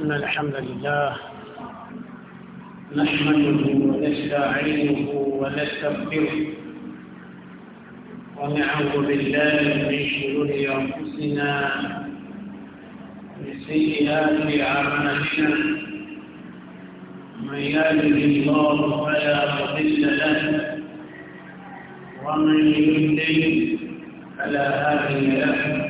إن الحمد لله نحمده ونستعينه ونستغفره ونعوذ بالله من شرور أنفسنا ومن سيئات أعمالنا من يهده الله فلا مضل له ومن يهده فلا هادي له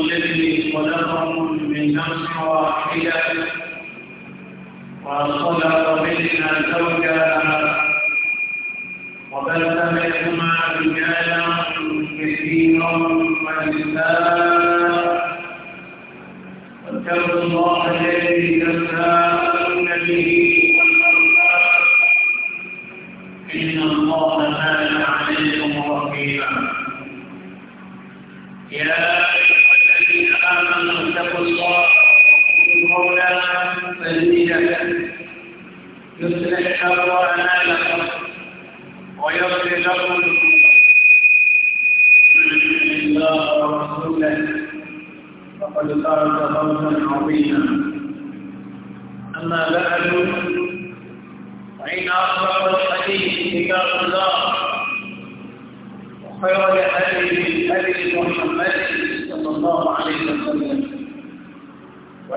الذي خلقهم من نفس واحدة وخلق منها زوجها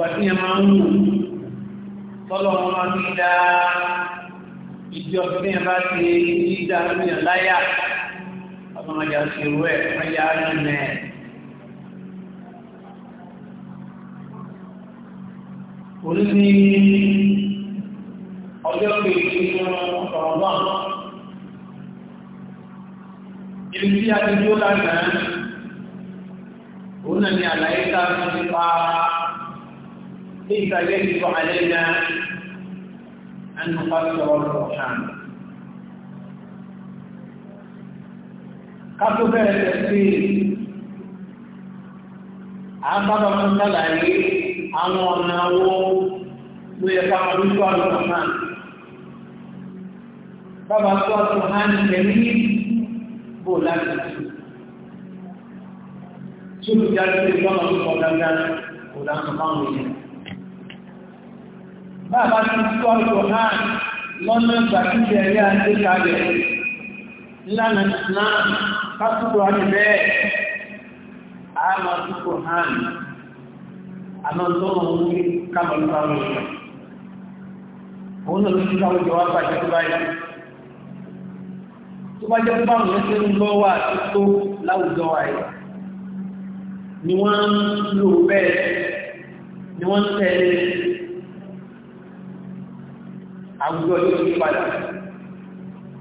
ìwà tí yẹn máa ń wù tọ́lọ̀ wọn máa ń dá ìdí ọ̀sẹ̀ tí yẹn bá ti dídá lóyún láyà ọmọ ọjà ṣe rú ẹ̀ ọjà rìnnà ẹ̀. Olú ní ọjọ́ kejì nínú ọ̀rọ̀mọ́. tí a ti dúró lánàá, òun náà ni àlàyé tá a ti pa كيف يجب علينا أن نقصر القرآن قبل التفسير àbábà ń sàlàyé àwọn ọ̀nà wo ló yẹ ká wọn lójú àlùkùnrin bàbá tó àlùkùnrin tẹ̀lé bò láti tù tó lùjáde tó lọ́nà tó kọ̀ dáadáa kò dáná máa ń wọ̀nyẹn. bàbá ti sọ ìkòhán lọ́nà ìgbàkúndì ẹ̀yà ti kalẹ̀ ńlànà náà kásìkò àti bẹ́ẹ̀ àmà ti kòhán àmà tó wọn òun ni wọ́n ń lò bẹ́ẹ̀ ni wọ́n ń àwùjọ yóò yí padà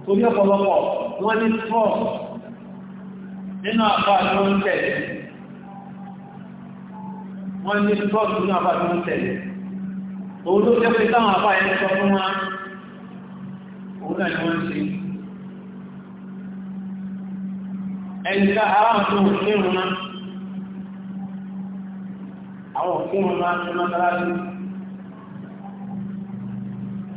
torí ọ̀pọ̀lọpọ̀ wọ́n ní fọ́ nínú àbá tó ń tẹ̀lé wọ́n ní fọ́ nínú àbá tó ń tẹ̀lé òun ló jẹ́ pé táwọn àbá yẹn sọ fún wa òun náà ni wọ́n ṣe ẹ̀yìnká aráàlú tó ń kírun náà àwọn òkúrun náà ní mọ́tàlá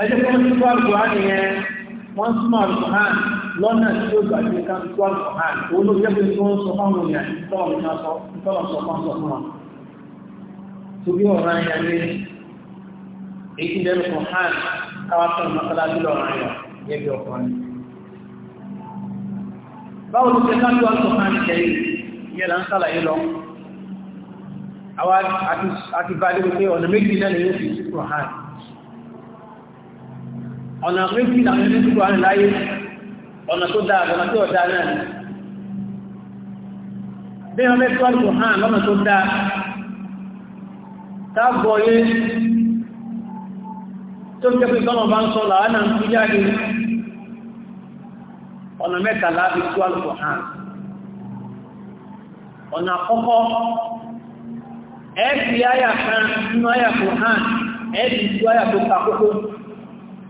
ẹjẹ́ kí wọ́n ti tó àlùkùránì yẹn wọ́n súnmọ́ àlùkùránì lọ́nà tí ó gbà tí ká tó àlùkùránì òun ló yẹ kí wọ́n sọ fáwọn èèyàn tọ́lọ̀ ní aṣọ tọ́lọ̀ sọ fáwọn sọ fún wọn. Tóbi ọ̀ràn yẹn ní èyí lẹ́nu kùránì káwá sọ̀rọ̀ mọ́sálásí lọ́ràn yẹn yẹ bí ọkùnrin. Báwo ló ṣe ká tó àlùkùránì là ń sàlàyé lọ. Àwa àti bá a wípé ọ̀nà méjì náà ni yóò fi sí kùránì ọ̀nà méjì làwọn ẹni tó wà láyé ọ̀nà tó dáa ọ̀nà tó ọ̀dá náà ni bí wọ́n mẹ́tọ́ àlùkò hàn lọ́nà tó dáa táàbọ̀ yé tó jẹ́ pé tọ́nà bá ń sọ làánà ń fi jáde ọ̀nà mẹ́ta láti tó àlùkò hàn ọ̀nà àkọ́kọ́ ẹ̀ẹ́sì áyà kan nínú áyà kò hàn ẹ̀ẹ́sì tó áyà tó takókó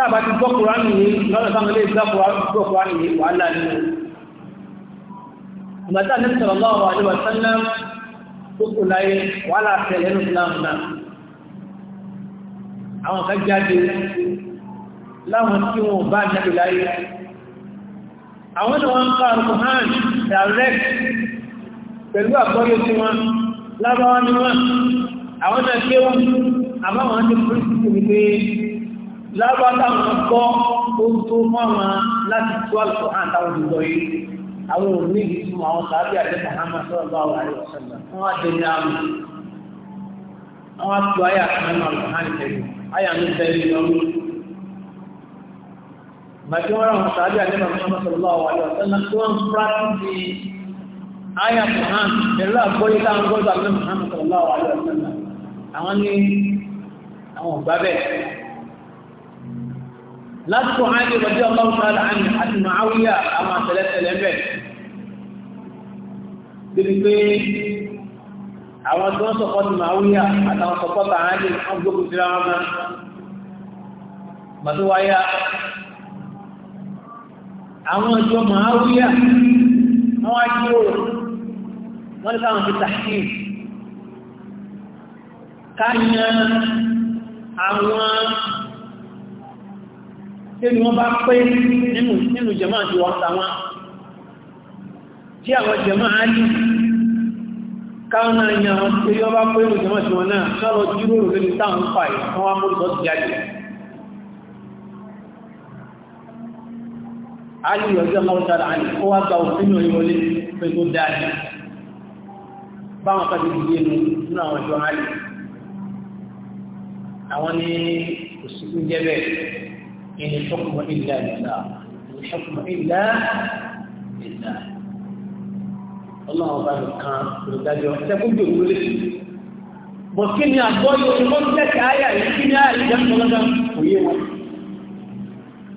tábà ti gbọ́ kùránì yìí lọ́nà táwọn ilé ìgbà gbọ́ kùránì yìí wàhálà ni o ìgbàtà ní sallallahu alaihi wa sallam tó kù láyé wàhálà tẹ̀lé ní ìsìlámù náà àwọn kan jáde láwọn tí wọn bá jáde láyé àwọn ni wọ́n ń ká Al-Qur'an direct pẹ̀lú àgbọ́yé tí wọ́n lábáwá ni wọ́n àwọn náà kéwọ́n àbáwọn ti pírísìtì wípé lábátà wọn kọ́ ohun tó máa láti tó àlùkò àtàwọn òdìgbò yìí àwọn òní yìí fún àwọn sàábì àti Muhammad sallallahu alaihi wasallam wọn á dẹni àmì àwọn àtúwò ayé àtúnmọ̀ àlùkò tẹ̀lé ayé àmì tẹ̀lé lọ́wọ́ bàtí wọn àwọn sàábì àti Muhammad sallallahu alaihi wasallam tó ń fúrásì bí ayé àtúnmọ̀ pẹ̀lú àgbọ́yé táwọn lásìkò àìlè rọ̀dí ọlọ́run sáàlá àmì àti màáwíyà a máa tẹ̀lẹ́tẹ̀lẹ́ bẹ̀. Débi pé àwọn tí wọ́n sọ̀kọ́ ti màáwíyà àtàwọn sọ̀kọ́ bá àìlè wọ́n gbógun síra wọn mọ́. Bàtú wáyà àwọn ìjọ màáwíyà wọ́n wá jí òòrùn wọ́n ní káwọn ti tàkì ká àwọn tẹ́lú wọ́n bá pé nínú jẹ̀mọ́ àti wọ́n tàwọn tí àwọn jẹ̀mọ́ á ní káwọn náà yàn wọ́n tí wọ́n bá pé nínú jẹ̀mọ́ àti wọ́n náà sọ́rọ̀ jíròrò lórí táwọn àwọn jẹ́ إن الحكم إلا لله إن الحكم إلا لله ọlọ́run bá nìkan olùdájọ́ ṣẹ́kúndò wúlé bọ̀ kí ni àgbọ́yọ̀ olùkọ́sílẹ̀kì ayà yìí kí ni ayà yìí jẹ́ ọlọ́dá kò yé wọn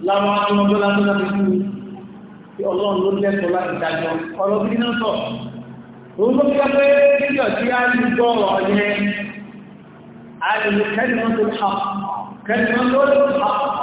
láwọn ọmọdé lásánà fi kú tí ọlọ́run ló lẹ́tọ̀ọ́ láti dájọ́ ọ̀rọ̀ bí náà sọ òun tó fi pé kíjọ tí a ń gbọ́ ọ̀rọ̀ yẹn a lè kẹ́ni wọn tó kà kẹ́ni wọn tó kà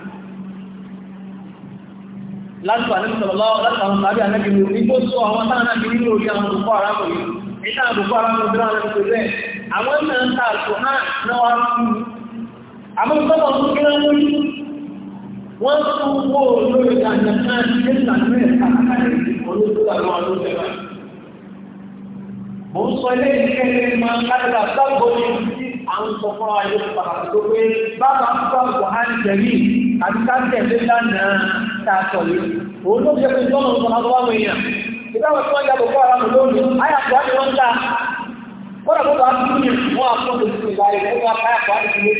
lásìkò àti ìsọ̀lọ́ látàwọn tàbí ànẹ́bí mi ní kó sọ àwọn táwọn àti nínú orí àwọn òkú arákùnrin ìta àbùkù arákùnrin tó rán lẹ́nu bẹ́ẹ̀ àwọn ẹ̀mẹ́ ń ta àtò náà náà wá fún mi àmọ́ ìsọ́lọ́ tó kí wọ́n lórí wọ́n tó wó lórí àjẹ́ náà ní ẹ̀sà mẹ́ta àkàkàkì olóṣèlú àwọn olóṣèlú mo ń sọ ilé ìkẹ́lẹ́ máa ń kájọ àgbàgbọ́ ní ti àwọn sọ fún ayé pàtàkì tó pé bá máa ń gbàgbọ́ á tààtọ yìí òun ló fi ẹgbẹ́ ìtọ́nà ọ̀sán àwọn àwọn èèyàn ìgbàwọ̀ tí wọ́n yàgò fún ara mọ̀ lónìí ayàpọ̀ àti wọ́n ń ta kọ́dà tó bá tún ní wọ́n àpọ̀jù sí ìgbà rẹ̀ wọ́n wá ayàpọ̀ àti ilé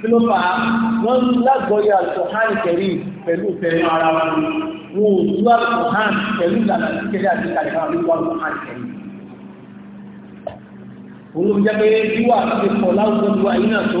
kí ló fà á wọ́n lágbọ́yé alùpùpù kẹrí pẹ̀lú ìfẹ̀rí ara wọn wọn ò tú alùpùpù pẹ̀lú ìlànà kékeré àti ìkàlẹ̀ náà ló wà alùpùpù kẹrí olùjẹ́pẹ́ wíwà ti pọ̀ láwùjọ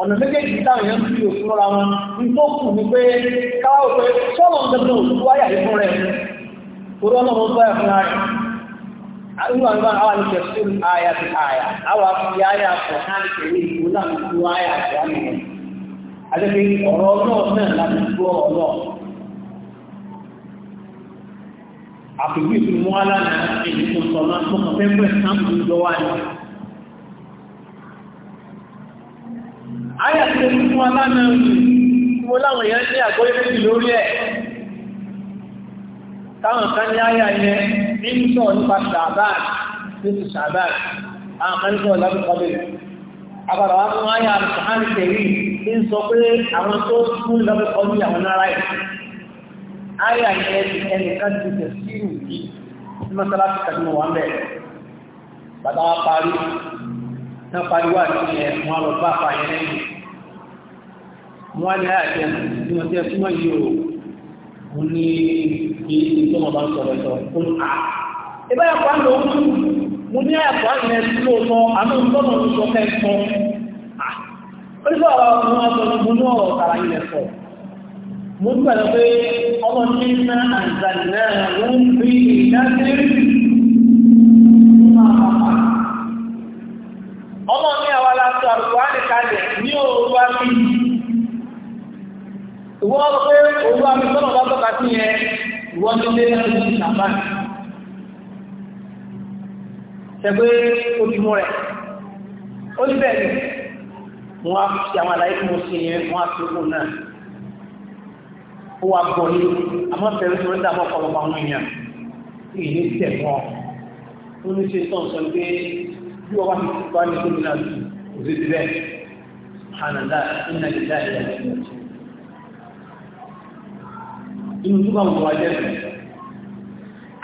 ọ̀nà méjèèjì táwọn èèyàn fi òkú rọra wọn ní tó kù ní pé káwá òpè sọ́wọ́n gbẹ̀gbẹ̀ òkú wáyà ikú rẹ̀ torí ọ̀nà wọn tó yà fún ara àwọn àwọn àwọn àwọn tẹ̀sí àyà ti àyà àwọn àfi àyà fún hàní kèrè ìlú náà ní fún àyà àti àmì rẹ̀ àdébí ọ̀rọ̀ náà láti gbọ́ ọ̀rọ̀ ayà tí ó fún aláàmì mo láwọn èèyàn ní àgọ́ ìrẹ́sì lórí ẹ̀ táwọn kan ní ayà yẹn ní ń sọ nípa sàbáà nínú sàbáà àwọn kan ní sọ lábùkọ́bẹ̀rẹ̀ àbàrà wa fún ayà alùpùpù tẹ̀rí ń sọ pé àwọn tó fún lọ́bùkọ́bí àwọn náírà ẹ̀ ayà yẹn ti ẹnìkan ti tẹ̀ sí ìrù yìí mọ́sálásí kàdínà wà ń bàbá wa parí náà pariwo àti ẹ̀ wọn lọ bá fa yẹn lẹ́yìn wọn ní àjẹ ní wọn tẹ súnmọ́ yìí o wọn ní èyí tó wọn bá sọ̀rọ̀ sọ fún a. Ah, ìbá yà pa ló kú mo ní àyà pa yẹn tó lọ àmì ìtọ́nà ló sọ sọ. onígbà ah, wá sí ìwọ ọ̀rọ̀ pé òun wá mi sọ́nà bá tọ́ka sí yẹn ìwọ ní ilé ẹ̀rọ ní ìṣàmbá ṣẹgbẹ́ ojúmọ́ rẹ̀ ó ní bẹ́ẹ̀ ni mo wá fi àwọn àlàyé tí mo ṣe yẹn mo wá fi kún náà ó wá bọ̀ ní àmọ́ fẹ́ẹ́ tó ń dààmú ọ̀pọ̀lọpọ̀ àwọn èèyàn tí ìlú tẹ̀ mọ́ ó ní ṣe tán pé bí wọ́n bá ti bá ní gómìnà òṣèlú bẹ́ẹ̀ subhanallah inna lillahi wa inna ilaihi raji'un inú tó bá wọn wá jẹ́ rẹ̀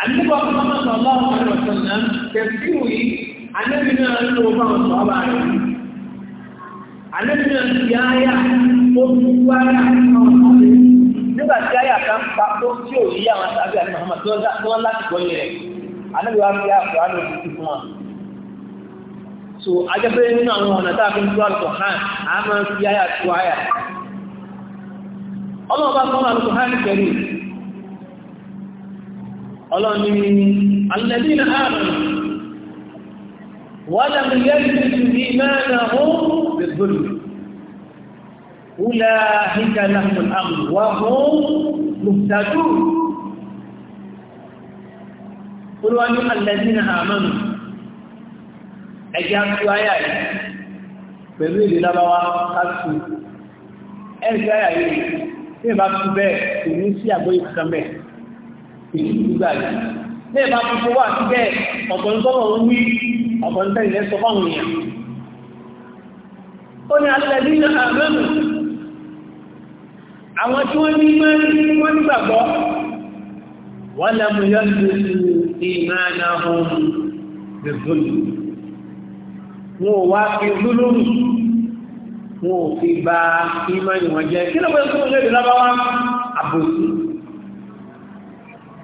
àdúgbò Muhammad sallallahu alaihi wa sallam tẹ̀síwò yìí anẹ́bí náà ń lo bá wọn sọ bá rẹ̀ anẹ́bí náà ti yáyà ó ti wáyà àwọn ọmọdé nígbà tí ayà kan pa tó tí ò yí àwọn sábẹ́ àti Muhammad tó ń láti gbọ́ yẹn rẹ̀ anẹ́bí wa fi àpò àlọ́ òkú fún wọn so ajẹ́pẹ́ nínú àwọn ọ̀nà tàbí ń tó alùkọ̀hán a máa ń fi àyà tó àyà ọlọ́ọ̀bá fún alùkọ̀hán pẹ̀lú ọlọ́ni alẹ́dínà ààrùn wọ́n lẹ́mí yẹ́rìsì ní mẹ́rin ọ̀hún gbẹ̀gbẹ̀rù wúlẹ̀ àhíkà láàrín àwọn mùsàdù olúwa ní alẹ́dínà àmánù ẹ̀jẹ̀ àti àyà yìí pẹ̀lú èdè lábáwá kásù ẹ̀jẹ̀ àyà yìí tí ìbá tún bẹ́ẹ̀ kò ní sí àgbóyè kankan bẹ́ẹ̀ èyí gbígbà yìí tí ìbá tún fowó àti bẹ́ẹ̀ ọ̀pọ̀n ń wí ọ̀pọ̀n sọ fáwọn èèyàn ó ní alẹ́ ní àmẹ́mù àwọn tí wọ́n ní mẹ́rin wọ́n nígbàgbọ́ wọ́n lẹ́mú yọ́n wọn ò wá fi lúlúrù wọn ò fi ba ìmọ̀ ìwọ̀n jẹ́ kí ló bẹ́ẹ̀ tó ń lédè lábáwá àbòsí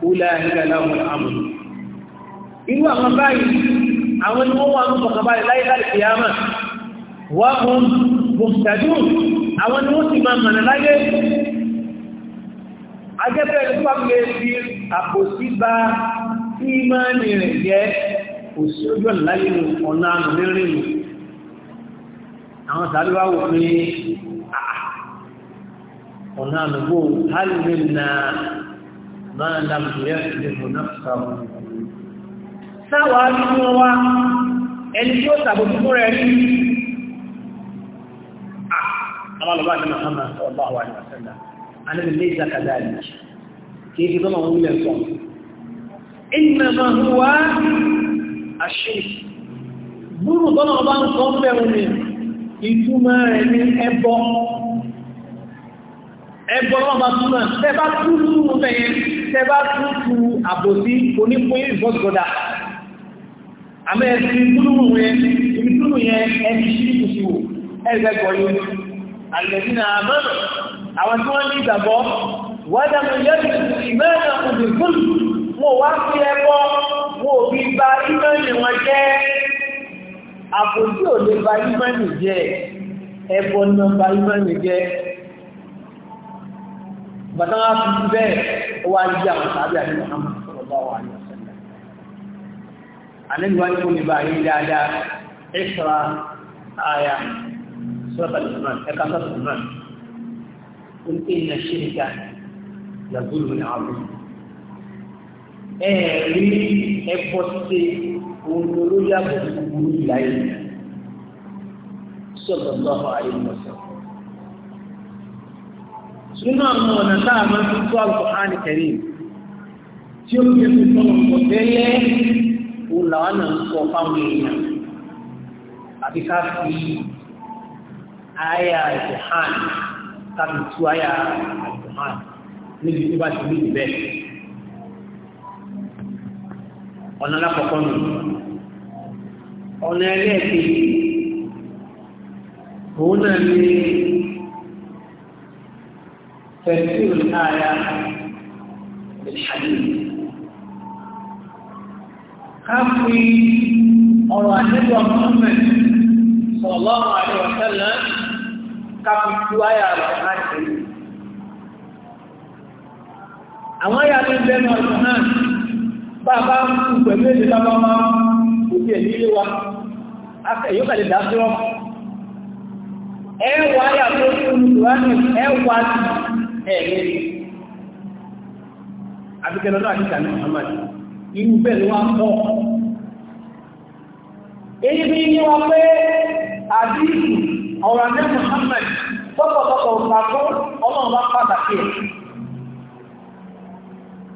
wúlá nígbà láwọn àmọ̀ irú àwọn báyìí àwọn ni wọ́n wà ní kọ̀kan báyìí láyé láti fi àmà wọ́n mú bùsàdù àwọn ni wọ́n sì máa mọ̀nà láyé ajẹ́fẹ́ ẹni àbòsí ba ìmọ̀ ìrìn jẹ́ kò sí ojú ọ̀nà láyé nu ọ̀nà àmì lérí nu àwọn sàbí wá wò pé ọ̀nà àmì bò hálì mi nà máa nà mùsùlùmí ẹ̀sìn ìfọ̀ náà sàbò. sáwàá nínú wa ẹni tí ó sàbò fún rẹ̀ rí àmàlùbá ní Muhammad sallallahu alaihi wasallam anábi lè zaka dáadìí kí é ti tọ́nà wúlẹ̀ sọ inna ma àṣẹ gbúrù tọ́nà ọba ń sọ bẹ̀rù ni ìtumọ̀ rẹ̀ ní ẹbọ ẹbọ ọba túmọ̀ tẹ́bá tútù mẹ́yẹ tẹ́bá tútù àbòsí onípín ìfọ́sọ̀dà àmẹ́ ẹ̀sìn gbúrù yẹn ibi túrù yẹn ẹni ṣíkù sí wò ẹgbẹ́gbọ́ yóò àlẹ́sìn àmọ́nà àwọn tí wọ́n ní ìgbàgbọ́ wọ́n dàmú yẹ́rù ìmẹ́rẹ̀ wọn ò fi bà ìmọ̀nì wọn jẹ́ àpòjú ò lè bà ìmọ̀nì jẹ́ ẹbọ náà bà ìmọ̀nì jẹ́ bàtà wọn fi bẹ́ẹ̀ wá yí àwọn sábẹ́ àti Muhammad sallallahu alaihi wasallam àlejò wọn kò lè bà yín dáadáa ìṣọ́ra àyà sọ́tà ẹ̀rí ẹbọ ṣíṣe òun ni olóyè àbùkù ìlà yìí sọ̀rọ̀ lọ́wọ́ àyẹ̀mọ̀sán. Nínú àwọn ọ̀nà táà máa fi tó Al-Qur'an Karim tí ó fi fi tọ́nà pọ̀ tẹ́lẹ̀ òun làwọn náà ń sọ fáwọn èèyàn àti ká fi tàbí tú níbi ti ní ọ̀nà alákọ̀ọ́kọ́ nù ọ̀nà ẹlẹ́ẹ̀kejì òun náà ní tẹ̀síù ààrẹ ìṣàlẹ̀ ká fi ọ̀rọ̀ àdébọ̀ mọ́mẹ́ sọ̀lọ́rọ̀ àdébọ̀tẹ́lẹ̀ ká fi tú àyà rẹ̀ láti àwọn àyà tó bẹ́ẹ̀ náà bàbá pẹ̀lú èdè lábá máa òkè nílé wa èyí kàlẹ̀ dájọ́ ẹwà yàtọ̀ olùdùwánì ẹwà ẹ̀rẹ́ àbíkẹ́lọ́ náà kíkà ní Muhammad inú bẹ́ẹ̀ wá pọ̀ èyí bí ní wọ́n pé àdíkù ọ̀rọ̀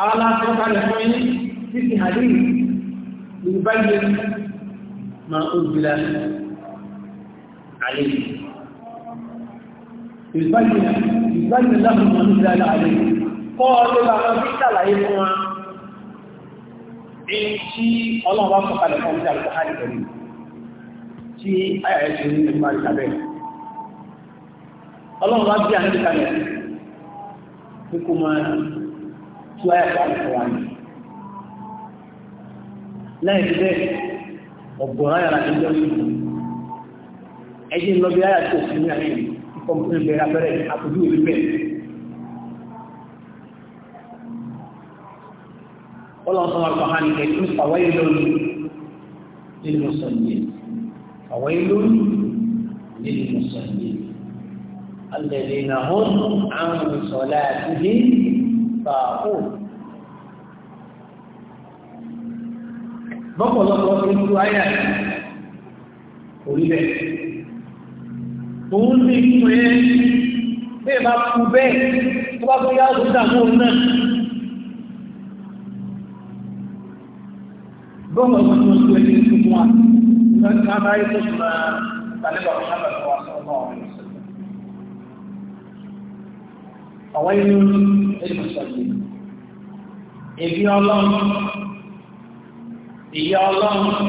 àwọn aláṣẹ kalẹ̀ fún yín títí àdéhùn yorùbá yẹ máa ń gbìlá àlè yorùbá yẹ yorùbá yẹ láwọn ọmọ nígbà àlè kọ́ ló bá wọn bí sàlàyé fún wa èyí tí ọlọ́run bá fún ọjà ọlọ́run bá bí àlè kalẹ̀ kókó máa tó àyàtọ̀ àlùkòrò àná lẹ́yìn tí bẹ́ẹ̀ ọ̀gọ̀rọ̀ ayára ti jọ nínú ẹjẹ́ lọ́bí ayá tó fi ní àárín ìkọ̀mùsùn bẹ̀rẹ̀ abẹ́rẹ́ àpòjú ìlú bẹ́ẹ̀ ọlọ́sọ̀ wà fàá ní kẹ́kẹ́ fàwáyé lónìí nínú sọ̀nyẹ fàwáyé lónìí nínú sọ̀nyẹ alẹ́lẹ́ náà hàn án tààkùn lọ́pọ̀lọpọ̀ tó ń lu ayà orílẹ̀ òun ní ìpín ẹ́ bẹ́ẹ̀ bá kú bẹ́ẹ̀ tó bá tó yá òun dàmú náà gbọ́mọ̀ tó tó tó ẹni tó wà nígbà bá yẹ tó tó wà sọ́ọ́ náà àwọn ẹni ìlúṣàlẹ̀ ìbí ọlọ́run ìyá ọlọ́run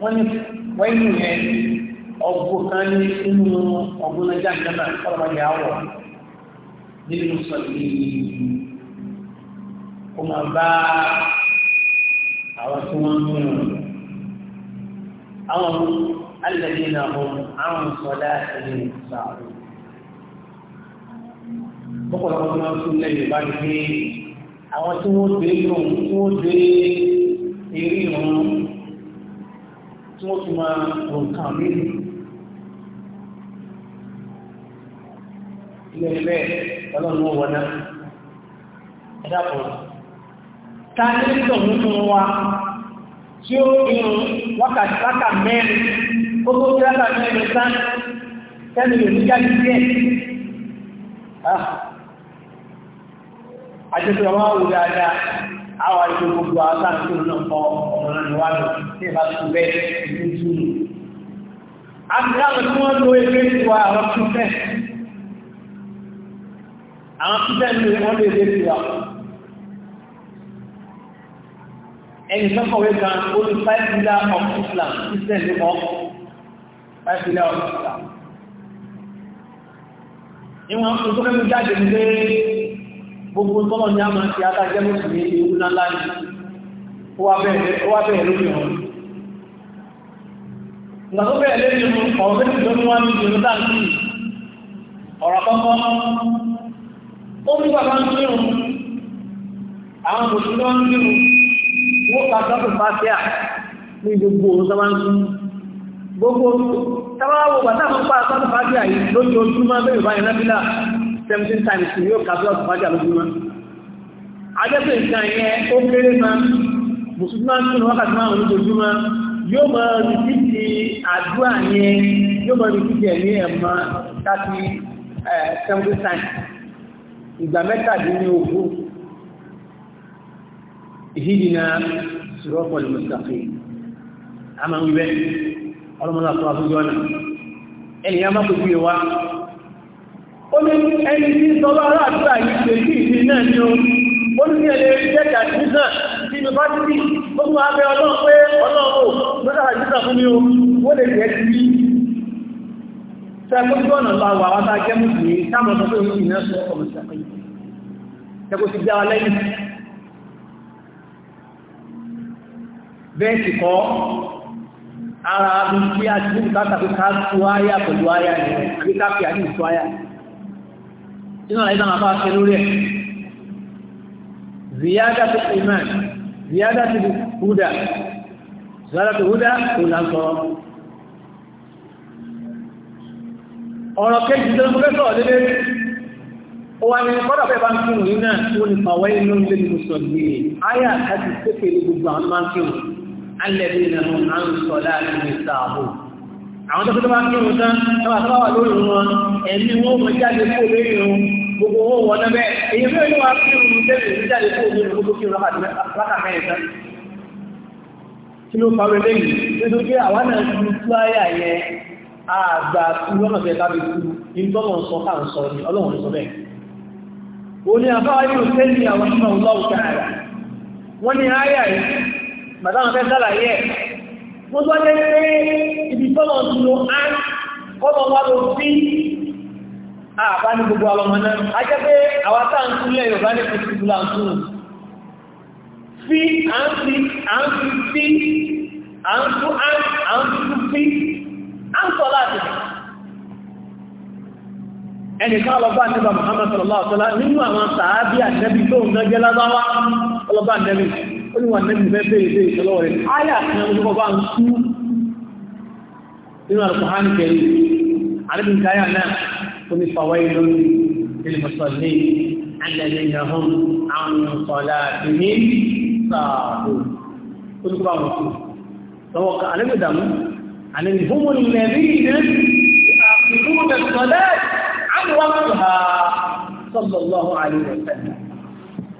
wọ́n ní wẹ́yìn yẹn ọgbọ́n kan ní inú ọgbọ́n náà jáde náà kọ́lọ́mọdé àwọ̀ nínú sọ̀lẹ̀ kó máa bá àwọn tí wọ́n ń mú àwọn alẹ́dínà ọ̀hún àwọn sọ̀dá ẹ̀yìn sàárò ọ̀pọ̀lọpọ̀ tó máa ń tún lẹ́yìn bá ní pé àwọn tí wọ́n dé lóhun tí wọ́n dé eré ìran tí wọ́n fi máa rò nǹkan mímu ilé ẹgbẹ́ ọlọ́run wọn náà ẹ dàpọ̀ ta ní sọ nínú wa tí ó irun wákàtí wákà mẹ́rin gbogbo tí wákà mẹ́rin sáà tẹ́lẹ̀ lòdì jáde díẹ̀. Ah àjẹsẹ̀ wá wò dáadáa àwọn àjọ gbogbo àtàkì náà kọ ọ̀nà ìwádìí tí ìbá tó bẹ́ẹ̀ ní túnú. àbúráwọ̀ tí wọ́n lo ewé tiwa àwọn túnfẹ́ àwọn túnfẹ́ ní wọ́n lo ewé tiwa ẹni sọ́kọ̀wé kan ó ní five pillar of Islam Christian ló mọ́ five pillar of Islam. ìwọ̀n tó tó mú jáde ní gbogbo tọ́lọ̀ ní àmà ti adájẹ́ mùsùlùmí ewu ńlá ní ó wá bẹ̀rẹ̀ lórí ọ̀rọ̀ ìgbà tó bẹ̀rẹ̀ lórí ọ̀rọ̀ méjì ló ní wá ní ìjọ dáńtì ọ̀rọ̀ kọ́kọ́ ó ní bàbá ń kírun àwọn mùsùlùmí ń kírun wọ́n ká sọ́kù bá sí à ní gbogbo òun tó máa ń kírun gbogbo tábàwò bàtà pàṣẹ bá sí àyè lójoojúmọ́ bẹ́ẹ̀ báyìí nábìlà seventeen times ni yóò kàbí ọ̀sán fájà lójúmọ́ adẹ́pẹ̀ nǹkan yẹn ó kéré máa mùsùlùmí máa ń tún wákàtí máa ń lójoojúmọ́ yóò máa rìsí ti àdúrà yẹn yóò máa rìsí ti ẹ̀mí ẹ̀mọ́ láti seventeen times ìgbà mẹ́tàdínlógún ìhídìnà sùrọ́pọ̀ lè mọ̀sàkì àmà ń wẹ́ ọlọ́mọdé àtúwà fún jọ́nà ẹnìyàn má kò gbé wa ó ní ẹni tí ń sọ́lọ́ ará ìdí náà ni ó ó ní ẹ̀lẹ́ jẹ́kà jíṣà sí yunifásitì ó tún wá ọlọ́run pé ọlọ́run ò lọ́dà fún mi ó ó lè jẹ́ ti rí sẹ́kọ́ tí ọ̀nà bá wà wá bá jẹ́ mùsùlùmí ní bùkátà pé ká tú áyà pẹ̀lú inú àìdá máa bá ṣe lórí ẹ̀ ziyada ti iman ziyada ti huda ziyada ti huda kò lásọ ọ̀rọ̀ kejì tó mú lẹ́sọ̀ lédé ó wá ní kọ́dà fẹ́ bá ń kírun yìí náà tí ó ní pàwẹ́ inú ilé ní mùsùlùmí ayé àkájì pépè ní gbogbo àwọn máa ń kírun alẹ́ bí ìrìnàmù à ń sọ láàrin ìta àbò àwọn tọ́kọ́ tó bá kí òun tán tọ́wà tọ́wà wà lórí wọn ẹ̀mí wọn mọ̀ jáde kó lórí wọn gbogbo owó wọn náà bẹ́ẹ̀ èyí fẹ́ ló wá kí òun tẹ́lẹ̀ ní jáde kó lórí wọn gbogbo kí òun lákàtẹ́ ìtàn kí ló fa wẹlé yìí nítorí pé àwa náà ti fúláyà yẹn àgbà kú lọ́nà fẹ́ bá mi kú ní tọ́lọ̀ sọ ká ń sọ ni ọlọ́run sọ bẹ́ẹ̀ o ní àbáwá yóò tẹ́lẹ̀ àwọn ìmọ̀ ọlọ́run káàrà wọ́n ní áyà yìí màdáwọn fẹ́ sálàyé ẹ̀ mo tó jẹ́ pé ibi tọ́lọ̀ ti lo án kọ́lọ̀ wá lo sí àbá ní gbogbo ọlọ́mọ náà a jẹ́ pé àwa tá à ń túnlẹ̀ yorùbá ní kò sí ìlà tún fi à ń fi à ń fi fi à ń tún án à ń tún fi à ń sọ láti ẹnìkan ọlọ́gbà nígbà Muhammad sallallahu alaihi nínú àwọn sàábí àtẹ́bí tó ń gẹ́gẹ́ lábáwá ọlọ́gbà nẹ́bí oníwà nẹ́bí fẹ́ bèèrè bèèrè tọ́lọ́ rẹ̀ áyà kan ló bá ń kú nínú alùpùhánì kẹrì àrẹ́bìnkáyà náà tó ní fàwáyé lórí ilmọ̀sọ̀lẹ́ alẹ́lẹ́yàhún àwọn sọ̀lá ìní sàbò oníkọ́ àwọn kú lọ́wọ́ ka àrẹ́bìdàmú àrẹ́bìhúnmùn lẹ́rí ìdẹ́ àrẹ́bìhúnmùn lẹ́rí ìdẹ́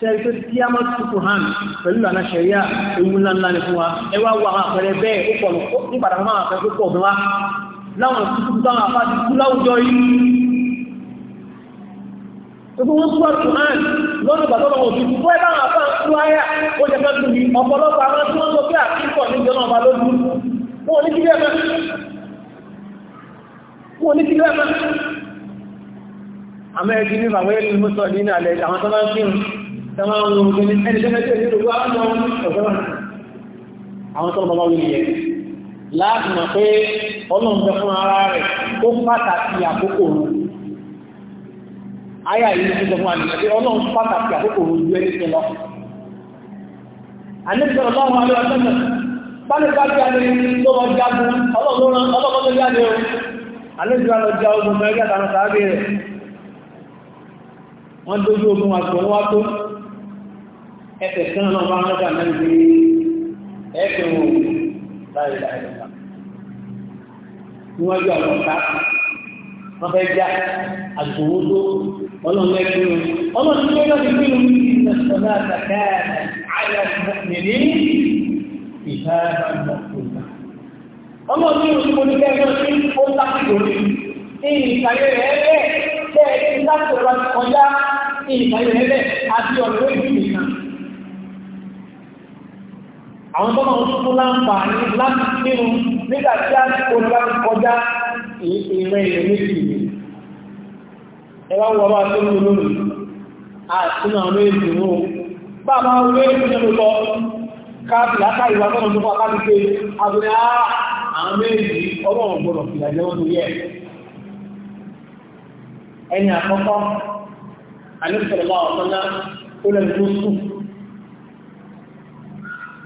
ṣẹ́gbẹ́ tí a máa tukù hàn pẹ̀lú ìlànà ṣẹ̀yà ewu ńláńlá ní fún wa ẹwà wà àwọn àpẹẹrẹ bẹ́ẹ̀ ó pọ̀ ní padà máa fẹ́ tó pọ̀ wa láwọn tuntun táwọn afá ti kú láwùjọ yìí gbogbo wọn túwọ́ tù hàn lọ́nà bàtọ́ lọ́wọ́ òfin fún ẹ báwọn afá tú ayá ó jẹ́ fẹ́ tù mí ọ̀pọ̀lọpọ̀ àwọn tí wọ́n sọ pé àkíkọ̀ ní ìjọba ọba lójú wọn ní tẹ́wọ́n àwọn ọmọ ní ẹni tẹ́lẹ̀ tí ó wá lọ ọ̀gọ́rùn àwọn tó bàbá wí nìyẹn láti mọ̀ pé ọlọ́run fẹ́ fún ara rẹ̀ tó pàtàkì àkókò rú ayà yìí ti sọ fún àdìyàn pé ọlọ́run pàtàkì àkókò rú ju ẹni tẹ lọ àníṣẹ́ ọlọ́run alẹ́ ọ̀sẹ́nà pálípálí alẹ́ tó lọ jagun ọlọ́run tó jáde o àníṣẹ́ lọ ja ogun mẹ́rin àtàwọn ẹsẹ̀ kan náà bá rọ́dà náà ní ẹ̀sẹ̀ wọn láì láì lọ́la. Níwájú àwọn ọ̀tá, wọ́n fẹ́ já àgbòwó tó ọlọ́run ẹ̀kú wọn. Ọlọ́run tó lọ́dọ̀ ní kí ló ń sọ náà sàkà àyà mọ̀mìnì ìhà mọ̀kùnà. Ọlọ́run ní oṣù kan ní kẹ́kọ̀ọ́ sí ó lásìkò rí. Ìyìn ìkàlẹ̀ rẹ̀ bẹ́ẹ̀ bẹ́ẹ̀ ti lásìkò láti kọjá ìyìn ìkàlẹ̀ rẹ̀ bẹ́ẹ̀ àti ọ̀rọ̀ àwọn tó máa ń tún láǹfààní láti nínú nígbà tí àsìkò ní bá ń kọjá ìrìn ìrìn méjì yìí ẹ bá wọ́n bá tó ń lórí àtúnà àwọn èdè náà bá máa wé ìpínlẹ̀ lọ káàkiri látàrí wà tọ́nà tó fà káàkiri pé àbúrẹ́ àwọn méjì ọlọ́run gbọ́dọ̀ fìlà jẹ́wọ́n tó yẹ ẹni àkọ́kọ́ àlẹ́sọ̀rọ̀ bá ọ̀tọ́lá ó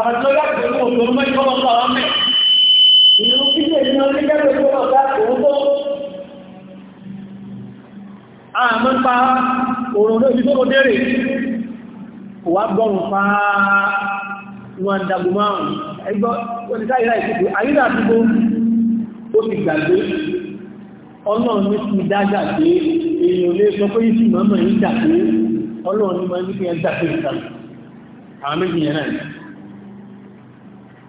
àjọ láti ìlú òṣèlú mẹ́jọ lọ́sọ̀ àwọn mẹ́. ìlú kílè ní oníkẹ́lẹ̀ tó lọ bá òun tó. àmọ́ pa òrùn lójú tó kọ dérè kò wá gbọ́rùn pa wọn dàgbò márùn-ún ẹgbọ́ oníkáyìlá ìsìnkú àyíká àdúgbò ó ti gbàgbé ọlọ́run ní ti dájà pé èèyàn lè sọ pé ìsìn mọ́mọ́ yìí dà pé ọlọ́run ní máa ní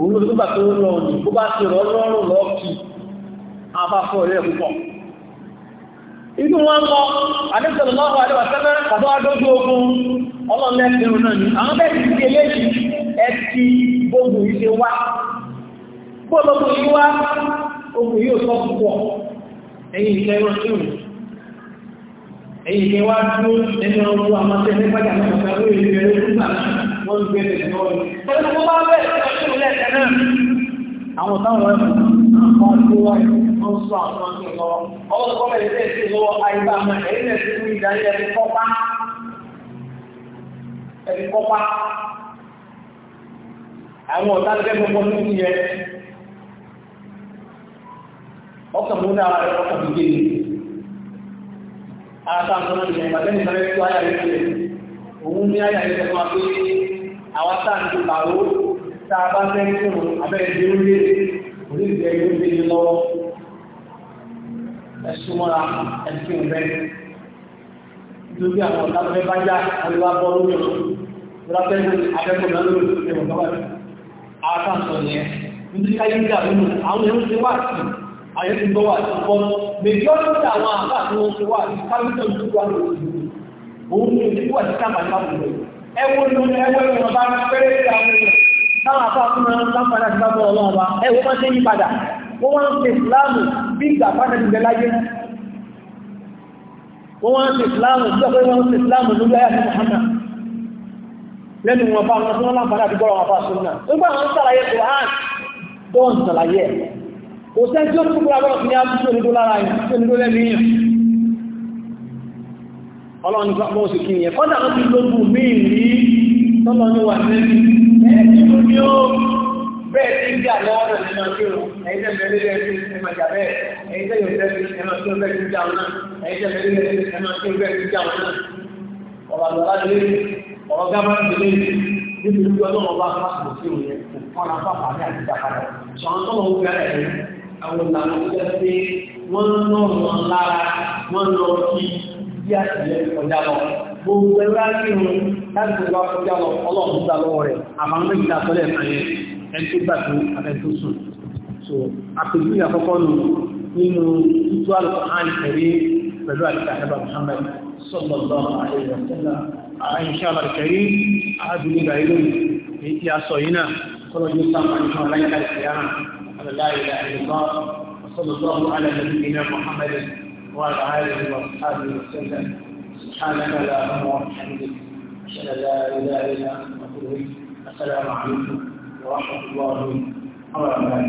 òun ló gbà tó lọ ní kó bá ti rọ lọ́rùn lọ kí afáfọ́ rẹ̀ púpọ̀ inú wọn lọ àdéṣọ́lọ́ lọ́wọ́ àdéwàsẹ́fẹ́ pàtó adójú ogun ọlọ́lẹ́gbẹ̀rún náà ni àwọn bẹ́ẹ̀ ti di eléyìí ẹtì gbogbo yìí ṣe wá gbogbo yìí wá ogun yóò sọ púpọ̀ ẹ̀yìn ìṣẹ́ ìrọ̀sùn ẹ̀yìn ìṣẹ́ wá dúró nínú ọdún àmọ́tẹ́ nígbàjà náà wọ́n gbé lè lọ́wọ́ ni. Pẹ̀lú tó bá bẹ̀rẹ̀ ìtọ́jú lẹ́sẹ̀ náà. Àwọn táwọn ẹ̀kọ́ kan tó wá ń sọ àwọn ọ̀sẹ̀ lọ́wọ́. Ọwọ́ tó bẹ̀rẹ̀ lè ṣe lọ́wọ́ àyíká àmọ́ ẹ̀yìn lè ṣe fún ìdarí ẹni kọ́pá. Ẹni kọ́pá. Àwọn ọ̀tá lẹ́gbẹ́ gbogbo ní ìyẹn. Ọkàn mú dára rẹ̀ ọkàn fi gé ni. Ara táwọn ọmọ ìyẹn ìbàdẹ́nì àwọn sáàtì pàró tàà bá fẹ́ fún abẹ́rẹ́ lórí orílẹ̀ yóò gbé ní lọ́wọ́ ẹ̀sùn mọ́ra ẹ̀sùn rẹ̀ nítorí àwọn ọ̀tàfẹ́ bá já àríwá bọ́ lórí ọ̀rọ̀ ìrọ̀pẹ́lú abẹ́kọ̀ọ́ náà lórí ìpínlẹ̀ ọ̀gbọ́n àtàkùn yẹn nítorí ayé ń dà nínú àwọn ẹ̀rọ ti wà sí ayé ti gbọ́ wà sí pọ́ ẹwọ ìlú ẹwọ ìlú ọba pẹ̀lẹ́ sí àwọn èèyàn táwọn afọ àtúnmọ̀ láǹfààní àti bá bọ́ọ̀lọ́ ọba ẹwọ máa ń ṣe yípadà wọ́n wá ń ṣe ìsìláàmù bí ìgbà pàtàkì ìgbẹ́ láyé wọ́n wá ń ṣe ìsìláàmù bí ọ̀pẹ́ wọ́n ń ṣe ìsìláàmù lórí ayé àti Muhammad lẹ́nu wọn bá wọn tí wọ́n láǹfààní àti bọ́ọ̀lọ́ ọba sunna nígbà wọn ń sàlàyé tó hàn tó ń sàlàyé kò sẹ́ńtì ó tún kúrò àbọ̀ ọlọ́run nípa mọ́ sí kíni ẹ̀ kọ́dà ó ti lógún míì rí tọ́lọ́ ní wà lẹ́bí ẹ̀ẹ́dì ló ní ó bẹ́ẹ̀ tí ń jà lọ́rọ̀ nínú akérò ẹ̀yìn tẹ́ mẹ́rin lẹ́bí ẹ̀mọ̀ jà bẹ́ẹ̀ ẹ̀yìn tẹ́ yóò lẹ́bí ẹ̀mọ̀ tí ó bẹ́ẹ̀ ti jà ọ̀nà ẹ̀yìn tẹ́ mẹ́rin lẹ́bí ẹ̀mọ̀ tí ó bẹ́ẹ̀ ti jà ọ̀nà ọ̀rọ̀ àlọ́lá délé ọ̀rọ̀ gámà délé níbi ìlú ọlọ́run bá bá kò sí òun yẹn kò fọ́nra pápá ní àti ìjàpadà ṣọ̀rọ̀ tọ́lọ̀ ó gbẹ́rẹ̀ rẹ̀ àwọn ìlànà tó jẹ́ pé wọ́n ń lọ́rùn lára wọ́n lọ kí bí àtìlẹ́ ọjà lọ gbogbo ẹ̀rọ akínú láti gbogbo akọjá lọ ọlọ́run dá lọ́wọ́ rẹ̀ àmàwọn méjìlá sọ́lẹ̀ ẹ̀fẹ́ ẹni tó gbàgbé abẹ́tó sùn so àpèjú àkọ́kọ́ nù nínú títú alùpàán ìfẹ̀rí pẹ̀lú àdìkà ẹ̀bà Muhammad sọ́lọ́lọ́ àìyànṣẹ́lá àìyànṣẹ́lá ìfẹ̀rí àádùnúgbà ilé èyí tí a sọ yìí náà kọ́lọ́jú sáfàníṣàn aláìkà ìfẹ̀yà وعلى آله وأصحابه وسلم سبحانك اللهم وبحمدك أشهد أن لا إله إلا أنت أستغفرك السلام عليكم ورحمة الله وبركاته